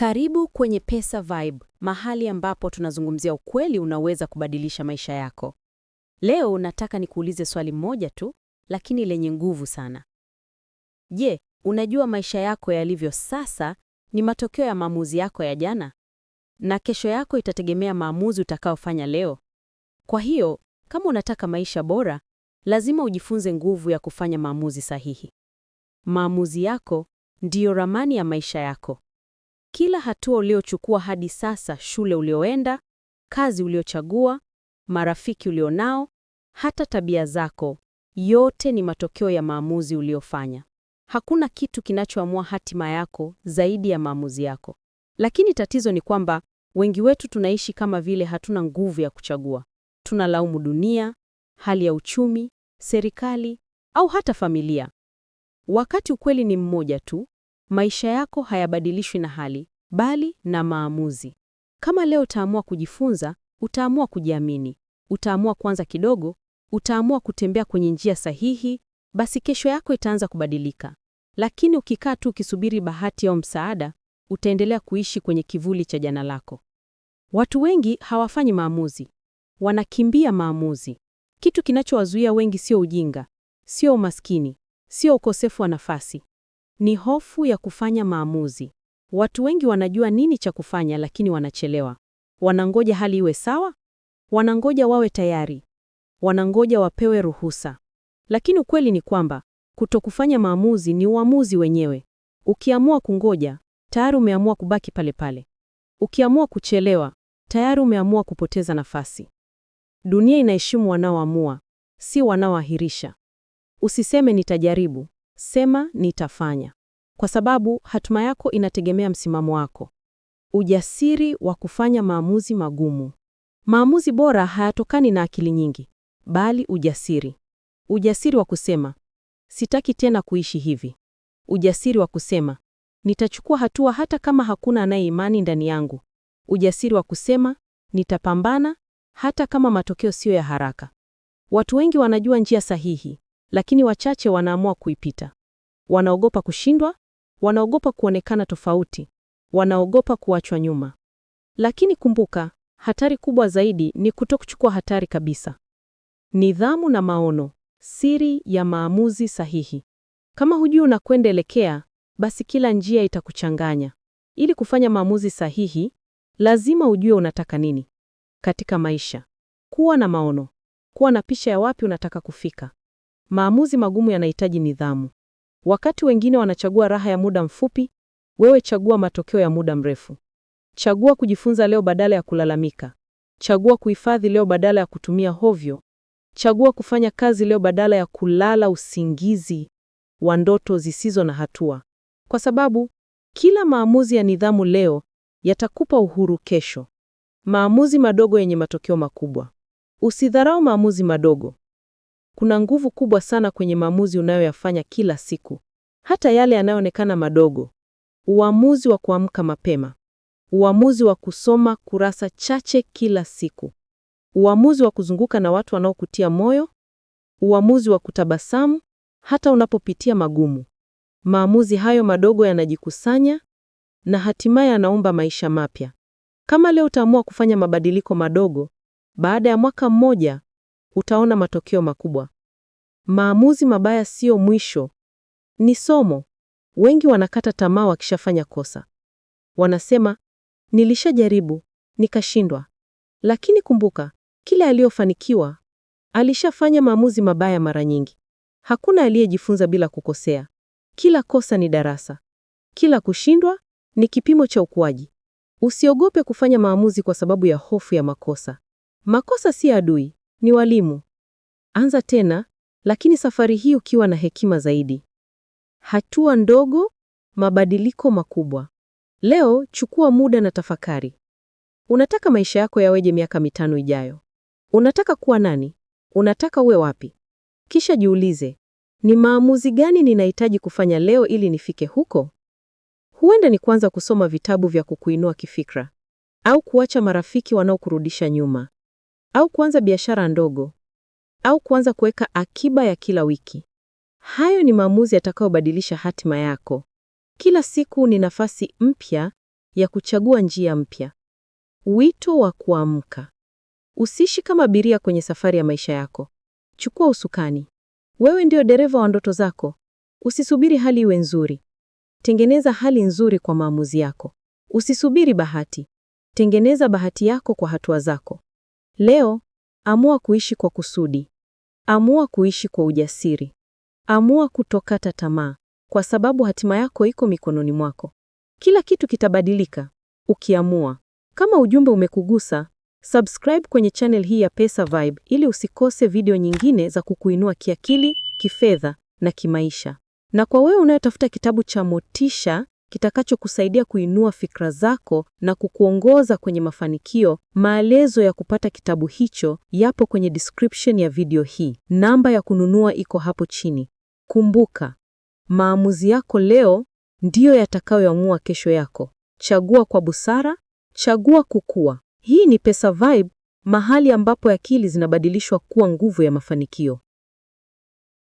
Karibu kwenye Pesa Vibe, mahali ambapo tunazungumzia ukweli unaweza kubadilisha maisha yako. Leo nataka nikuulize swali moja tu, lakini lenye nguvu sana. Je, unajua maisha yako yalivyo sasa ni matokeo ya maamuzi yako ya jana? Na kesho yako itategemea maamuzi utakayofanya leo. Kwa hiyo, kama unataka maisha bora, lazima ujifunze nguvu ya kufanya maamuzi sahihi. Maamuzi yako ndiyo ramani ya maisha yako. Kila hatua uliochukua hadi sasa, shule ulioenda, kazi uliochagua, marafiki ulionao, hata tabia zako, yote ni matokeo ya maamuzi uliofanya. Hakuna kitu kinachoamua hatima yako zaidi ya maamuzi yako. Lakini tatizo ni kwamba wengi wetu tunaishi kama vile hatuna nguvu ya kuchagua. Tunalaumu dunia, hali ya uchumi, serikali au hata familia, wakati ukweli ni mmoja tu maisha yako hayabadilishwi na hali, bali na maamuzi. Kama leo utaamua kujifunza, utaamua kujiamini, utaamua kwanza kidogo, utaamua kutembea kwenye njia sahihi, basi kesho yako itaanza kubadilika. Lakini ukikaa tu ukisubiri bahati au msaada, utaendelea kuishi kwenye kivuli cha jana lako. Watu wengi hawafanyi maamuzi, wanakimbia maamuzi. Kitu kinachowazuia wengi sio ujinga, sio umaskini, sio ukosefu wa nafasi, ni hofu ya kufanya maamuzi. Watu wengi wanajua nini cha kufanya, lakini wanachelewa. Wanangoja hali iwe sawa, wanangoja wawe tayari, wanangoja wapewe ruhusa. Lakini ukweli ni kwamba kutokufanya maamuzi ni uamuzi wenyewe. Ukiamua kungoja, tayari umeamua kubaki pale pale. Ukiamua kuchelewa, tayari umeamua kupoteza nafasi. Dunia inaheshimu wanaoamua, si wanaoahirisha. Usiseme nitajaribu, Sema nitafanya, kwa sababu hatima yako inategemea msimamo wako. Ujasiri wa kufanya maamuzi magumu. Maamuzi bora hayatokani na akili nyingi, bali ujasiri. Ujasiri wa kusema sitaki tena kuishi hivi. Ujasiri wa kusema nitachukua hatua hata kama hakuna anayeimani ndani yangu. Ujasiri wa kusema nitapambana hata kama matokeo siyo ya haraka. Watu wengi wanajua njia sahihi, lakini wachache wanaamua kuipita. Wanaogopa kushindwa, wanaogopa kuonekana tofauti, wanaogopa kuachwa nyuma. Lakini kumbuka, hatari kubwa zaidi ni kutokuchukua hatari kabisa. Nidhamu na maono, siri ya maamuzi sahihi. Kama hujui unakwendaelekea, basi kila njia itakuchanganya. Ili kufanya maamuzi sahihi, lazima ujue unataka nini katika maisha. Kuwa na maono, kuwa na picha ya wapi unataka kufika, Maamuzi magumu yanahitaji nidhamu. Wakati wengine wanachagua raha ya muda mfupi, wewe chagua matokeo ya muda mrefu. Chagua kujifunza leo badala ya kulalamika. Chagua kuhifadhi leo badala ya kutumia hovyo. Chagua kufanya kazi leo badala ya kulala usingizi wa ndoto zisizo na hatua, kwa sababu kila maamuzi ya nidhamu leo yatakupa uhuru kesho. Maamuzi madogo yenye matokeo makubwa. Usidharau maamuzi madogo. Kuna nguvu kubwa sana kwenye maamuzi unayoyafanya kila siku, hata yale yanayoonekana madogo. Uamuzi wa kuamka mapema, uamuzi wa kusoma kurasa chache kila siku, uamuzi wa kuzunguka na watu wanaokutia moyo, uamuzi wa kutabasamu hata unapopitia magumu. Maamuzi hayo madogo yanajikusanya na hatimaye yanaumba maisha mapya. Kama leo utaamua kufanya mabadiliko madogo, baada ya mwaka mmoja utaona matokeo makubwa. Maamuzi mabaya sio mwisho, ni somo. Wengi wanakata tamaa wakishafanya kosa, wanasema nilishajaribu nikashindwa. Lakini kumbuka, kila aliyofanikiwa alishafanya maamuzi mabaya mara nyingi. Hakuna aliyejifunza bila kukosea. Kila kosa ni darasa, kila kushindwa ni kipimo cha ukuaji. Usiogope kufanya maamuzi kwa sababu ya hofu ya makosa. Makosa si adui, ni walimu. Anza tena, lakini safari hii ukiwa na hekima zaidi. Hatua ndogo, mabadiliko makubwa. Leo chukua muda na tafakari. Unataka maisha yako yaweje miaka mitano ijayo? Unataka kuwa nani? Unataka uwe wapi? Kisha jiulize, ni maamuzi gani ninahitaji kufanya leo ili nifike huko? Huenda ni kuanza kusoma vitabu vya kukuinua kifikra au kuacha marafiki wanaokurudisha nyuma au kuanza biashara ndogo au kuanza kuweka akiba ya kila wiki. Hayo ni maamuzi yatakayobadilisha hatima yako. Kila siku ni nafasi mpya ya kuchagua njia mpya. Wito wa kuamka. Usiishi kama abiria kwenye safari ya maisha yako. Chukua usukani. Wewe ndio dereva wa ndoto zako. Usisubiri hali iwe nzuri. Tengeneza hali nzuri kwa maamuzi yako. Usisubiri bahati. Tengeneza bahati yako kwa hatua zako. Leo amua kuishi kwa kusudi, amua kuishi kwa ujasiri, amua kutokata tamaa, kwa sababu hatima yako iko mikononi mwako. Kila kitu kitabadilika ukiamua. Kama ujumbe umekugusa, subscribe kwenye channel hii ya Pesa Vibe ili usikose video nyingine za kukuinua kiakili, kifedha na kimaisha. Na kwa wewe unayotafuta kitabu cha motisha kitakachokusaidia kuinua fikra zako na kukuongoza kwenye mafanikio. Maelezo ya kupata kitabu hicho yapo kwenye description ya video hii. Namba ya kununua iko hapo chini. Kumbuka, maamuzi yako leo ndiyo yatakayoamua kesho yako. Chagua kwa busara, chagua kukua. Hii ni Pesa Vibe, mahali ambapo akili zinabadilishwa kuwa nguvu ya mafanikio.